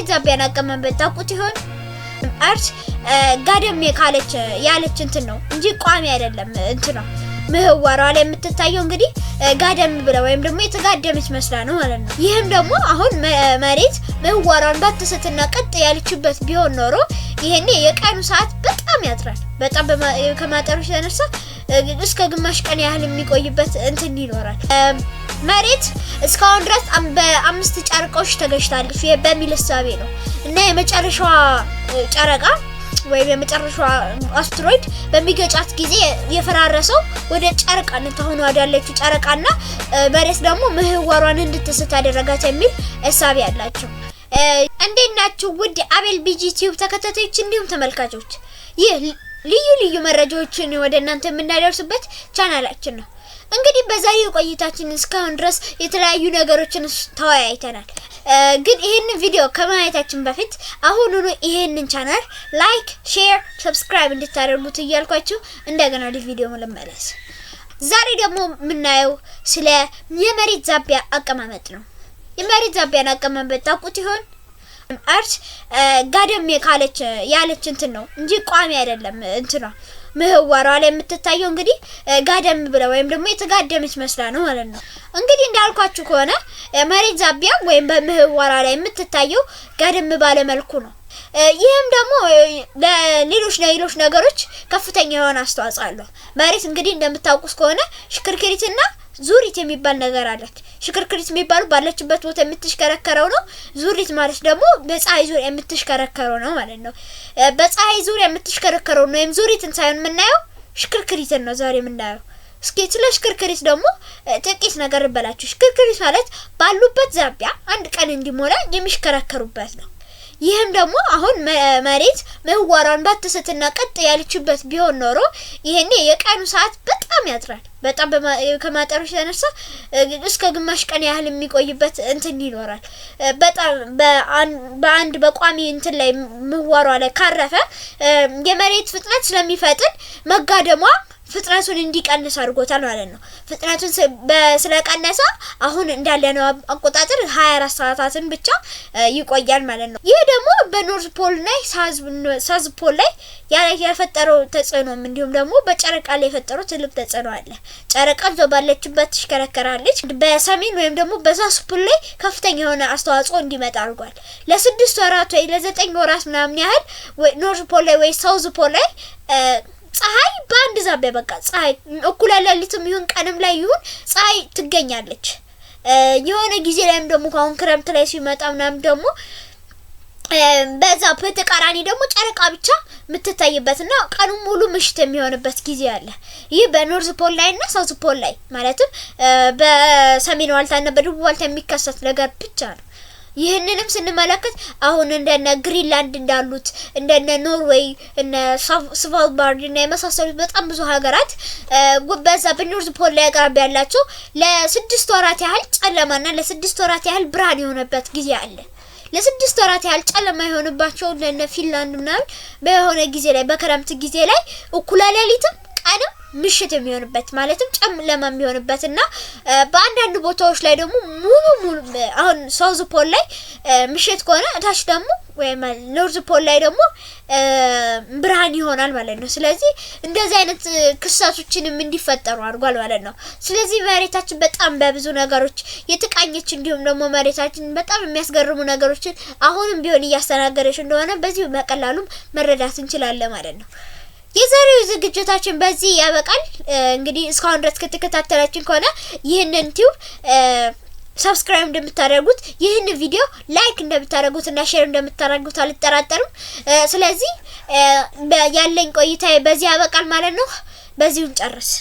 የዛቢያን አቀማመጥ ታውቁት ይሆን? አርች ጋደም የካለች ያለች እንትን ነው እንጂ ቋሚ አይደለም። እንትን ነው ምህዋሯ ላይ የምትታየው እንግዲህ ጋደም ብለ ወይም ደግሞ የተጋደመች መስላ ነው ማለት ነው። ይህም ደግሞ አሁን መሬት ምህዋሯን ባትስትና ቀጥ ያለችበት ቢሆን ኖሮ ይሄኔ የቀኑ ሰዓት በጣም ያጥራል። በጣም ከማጠሩ የተነሳ እስከ ግማሽ ቀን ያህል የሚቆይበት እንትን ይኖራል። መሬት እስካሁን ድረስ በአምስት ጨረቃዎች ተገጭታለች በሚል እሳቤ ነው እና የመጨረሻዋ ጨረቃ ወይም የመጨረሻዋ አስትሮይድ በሚገጫት ጊዜ የፈራረሰው ወደ ጨረቃነት ተሆኖ ወዳለችው ጨረቃና መሬት ደግሞ ምህዋሯን እንድትስት ያደረጋት የሚል እሳቤ አላቸው። እንዴት ናችሁ ውድ አቤል ቢጂ ቲዩብ ተከታታዮች እንዲሁም ተመልካቾች፣ ይህ ልዩ ልዩ መረጃዎችን ወደ እናንተ የምናደርሱበት ቻናላችን ነው። እንግዲህ በዛሬው ቆይታችን እስካሁን ድረስ የተለያዩ ነገሮችን ተወያይተናል። ግን ይህንን ቪዲዮ ከማየታችን በፊት አሁኑኑ ይህንን ቻናል ላይክ፣ ሼር፣ ሰብስክራይብ እንድታደርጉት እያልኳችሁ እንደገና ቪዲዮ ልመለስ። ዛሬ ደግሞ የምናየው ስለ የመሬት ዛቢያ አቀማመጥ ነው። የመሬት ዛቢያን አቀማመጥ ታውቁት ይሆን? አርት ጋደም ካለች ያለች እንትን ነው እንጂ ቋሚ አይደለም እንትኗ ምህዋሯ ላይ የምትታየው እንግዲህ ጋደም ብለ ወይም ደግሞ የተጋደመች መስላ ነው ማለት ነው። እንግዲህ እንዳልኳችሁ ከሆነ መሬት ዛቢያ ወይም በምህዋሯ ላይ የምትታየው ጋደም ባለ መልኩ ነው። ይህም ደግሞ ለሌሎች ለሌሎች ነገሮች ከፍተኛ የሆነ አስተዋጽኦ አለው። መሬት እንግዲህ እንደምታውቁት ከሆነ ሽክርክሪትና ዙሪት የሚባል ነገር አላት። ሽክርክሪት የሚባሉ ባለችበት ቦታ የምትሽከረከረው ነው። ዙሪት ማለት ደግሞ በፀሐይ ዙሪያ የምትሽከረከረው ነው ማለት ነው። በፀሐይ ዙሪያ የምትሽከረከረው ነው ወይም ዙሪትን ሳይሆን የምናየው ሽክርክሪትን ነው ዛሬ የምናየው። እስኪ ስለ ሽክርክሪት ደግሞ ጥቂት ነገር እንበላችሁ። ሽክርክሪት ማለት ባሉበት ዛቢያ አንድ ቀን እንዲሞላ የሚሽከረከሩበት ነው። ይህም ደግሞ አሁን መሬት ምህዋሯን ባትስትና ቀጥ ያለችበት ቢሆን ኖሮ ይህኔ የቀኑ ሰዓት በጣም ያጥራል። በጣም ከማጠሩ የተነሳ እስከ ግማሽ ቀን ያህል የሚቆይበት እንትን ይኖራል። በጣም በአንድ በቋሚ እንትን ላይ ምህዋሯ ላይ ካረፈ የመሬት ፍጥነት ስለሚፈጥን መጋደሟ ፍጥነቱን እንዲቀንስ አድርጎታል ማለት ነው። ፍጥነቱን ስለቀነሰ አሁን እንዳለነው አቆጣጠር ሀያ አራት ሰዓታትን ብቻ ይቆያል ማለት ነው። ይህ ደግሞ በኖርዝ ፖል ላይ ሳዝ ፖል ላይ የፈጠረው ተጽዕኖም እንዲሁም ደግሞ በጨረቃ ላይ የፈጠረው ትልቅ ተጽዕኖ አለ። ጨረቃ ዞ ባለችበት ትሽከረከራለች። በሰሜን ወይም ደግሞ በሳስ ፖል ላይ ከፍተኛ የሆነ አስተዋጽኦ እንዲመጣ አድርጓል። ለስድስት ወራት ወይ ለዘጠኝ ወራት ምናምን ያህል ኖርዝ ፖል ላይ ወይ ሳውዝ ፖል ላይ ፀሐይ በአንድ ዛቢያ በቃ ፀሐይ እኩለ ሌሊትም ይሁን ቀንም ላይ ይሁን ፀሐይ ትገኛለች። የሆነ ጊዜ ላይም ደግሞ ከአሁን ክረምት ላይ ሲመጣ ምናምን ደግሞ በዛ በተቃራኒ ደግሞ ጨረቃ ብቻ የምትታይበትና ቀኑ ሙሉ ምሽት የሚሆንበት ጊዜ አለ። ይህ በኖርዝ ፖል ላይ እና ሳውዝ ፖል ላይ ማለትም በሰሜን ዋልታ እና በደቡብ ዋልታ የሚከሰት ነገር ብቻ ነው። ይህንንም ስንመለከት አሁን እንደነ ግሪንላንድ እንዳሉት እንደነ ኖርዌይ እነ ስቫልባርድ እና የመሳሰሉት በጣም ብዙ ሀገራት በዛ በኖርዝ ፖል ላይ አቅራቢያ ያላቸው ለስድስት ወራት ያህል ጨለማና ለስድስት ወራት ያህል ብርሃን የሆነበት ጊዜ አለ። ለስድስት ወራት ያህል ጨለማ የሆነባቸው እንደነ ፊንላንድ ምናምን በሆነ ጊዜ ላይ በክረምት ጊዜ ላይ እኩለ ሌሊትም ቀንም ምሽት የሚሆንበት ማለትም ጨለማ የሚሆንበት እና በአንዳንድ ቦታዎች ላይ ደግሞ ሙሉ ሙሉ አሁን ሳውዝ ፖል ላይ ምሽት ከሆነ እታች ደግሞ ወይም ኖርዝ ፖል ላይ ደግሞ ብርሃን ይሆናል ማለት ነው። ስለዚህ እንደዚህ አይነት ክስተቶችንም እንዲፈጠሩ አድርጓል ማለት ነው። ስለዚህ መሬታችን በጣም በብዙ ነገሮች የተቃኘች እንዲሁም ደግሞ መሬታችን በጣም የሚያስገርሙ ነገሮችን አሁንም ቢሆን እያስተናገረች እንደሆነ በዚህ በቀላሉም መረዳት እንችላለን ማለት ነው። የዛሬው ዝግጅታችን በዚህ ያበቃል። እንግዲህ እስካሁን ድረስ ከተከታተላችን ከሆነ ይህንን ቲዩብ ሰብስክራይብ እንደምታደርጉት ይህን ቪዲዮ ላይክ እንደምታደርጉት እና ሼር እንደምታደርጉት አልጠራጠርም። ስለዚህ ያለኝ ቆይታ በዚህ ያበቃል ማለት ነው። በዚሁን ጨርስ።